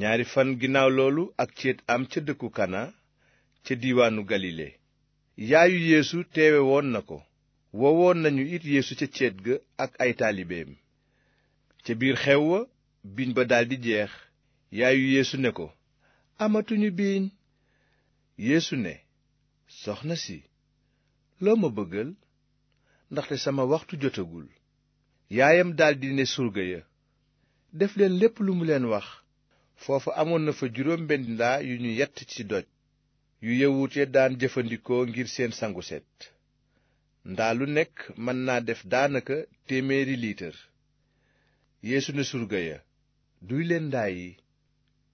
ñaari fan ginnaaw loolu ak céet am ca dëkku kana ca diiwaanu galile yaayu yeesu teewe woon na ko woowoon nañu it yéesu ca céet ga ak ay taalibeem ca biir xew wa biiñ ba daldi jeex yaayu yeesu ne ko amatuñu biiñ yéesu ne soxna si loo ma bëggal ndaxte sama waxtu jotagul yaayam daldi ne surga ya def leen lépp lu mu leen wax foofu amoon na fa juróom benn ndaa yu ñu yett ci doj yu yawut ya daan jëfandikoo ngir seen sangu set ndaa lu nekk mën naa def daanaka téeméeri liitar yéesu ne surga ya duy leen ndaa yi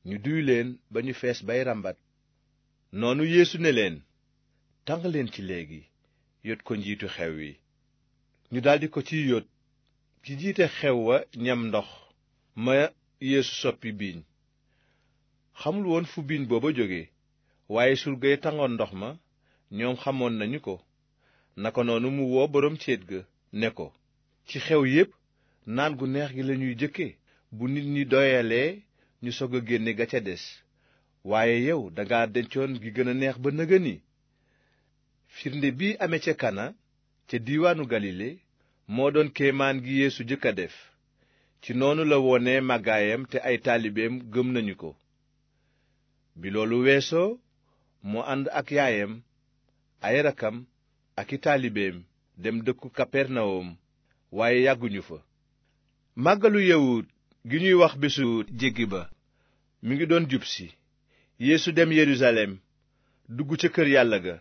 ñu duy leen ba ñu fees bay rambat noonu yéesu ne leen tàng leen ci léegi yot ko njiitu xew yi ñu daldi ko ci yot ci jiite xew wa ñam ndox ma yéesu soppi biiñ xamul woon fu booba jóge waaye surga ya ndox ma ñoom xamoon nañu ko naka noonu mu woo boroom céet ga ne ko ci xew yépp naan gu neex gi lañuy jëkke bu nit ñi doyalee ñu sog a génne ga ca des waaye yow danga dencoon gi gën a neex ba nëgëni firnde bi ame ca kana ca diiwaanu galile moo doon kéemaan gi yeesu jëkk a def ci noonu la wone màggaayam te ay taalibeem gëm nañu ko bi loolu weesoo mu ànd ak yaayam ay rakkam ak i taalibeem dem dëkku kapernawum waaye yàgguñu fa màggalu yawut gi ñuy wax bésu jéggi ba mu ngi doon jub si yéesu dem yerusalem dugg ca kër yàlla ga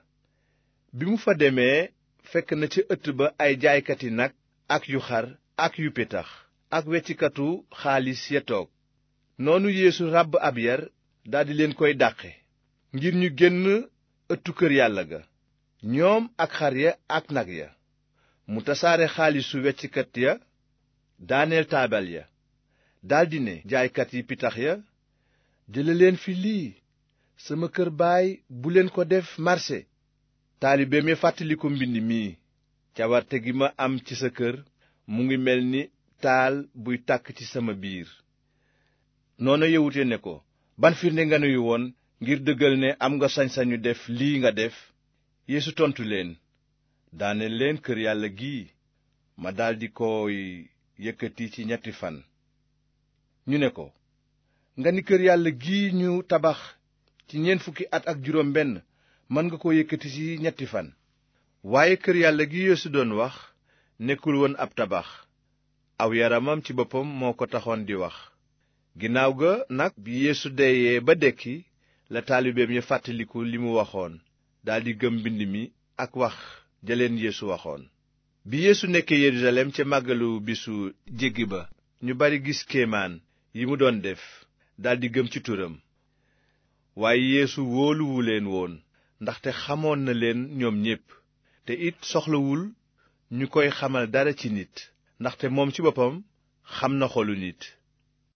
bi mu fa demee fekk na ca ëtt ba ay jaaykati nag ak yu xar ak yu pitax ak weccikatu xaalis ya toog noonu yéesu ràbb ab yar daldi leen koy dàqe ngir ñu génn ëttu kër yàlla ga ñoom ak xar ya ak nag ya mu tasaare xaalisu weccikat ya daaneel taabal ya daldi ne jaaykat yi pitax ya jële leen fi lii sama kër baay bu leen ko def marché taalibe mi fàttaliku mbind mii cawarte gi ma am ci sa kër mu ngi mel ni taal buy takk ci sama biir noona yewute ne ko ban firnde nga nuyu woon ngir dëggal ne am nga sañ-sañu def lii nga def yeesu tontu leen daane leen kër yàlla gii ma daldi koy yëkkati ci ñetti fan ñu ne ko nga ni kër yàlla gii ñu tabax ci ñeent fukki at ak juróom benn mën nga ko yëkkati ci ñetti fan waaye kër yàlla gi yeesu doon wax nekkul woon ab tabax aw yaramam ci boppam moo ko taxoon di wax ginnaaw ga nag bi yeesu deeyee ba dekki la taalibeem ya fàttaliku li mu waxoon daldi gëm mbind mi ak wax ja leen yeesu waxoon bi yéesu nekkee yerusalem ca màggalu bisu jéggi ba ñu bari gis kéemaan yi mu doon def daldi gëm ci turam waaye yeesu wóoluwu leen woon ndaxte xamoon na leen ñoom ñépp te it soxlawul ñu koy xamal dara ci nit ndaxte moom ci boppam xam na xolu nit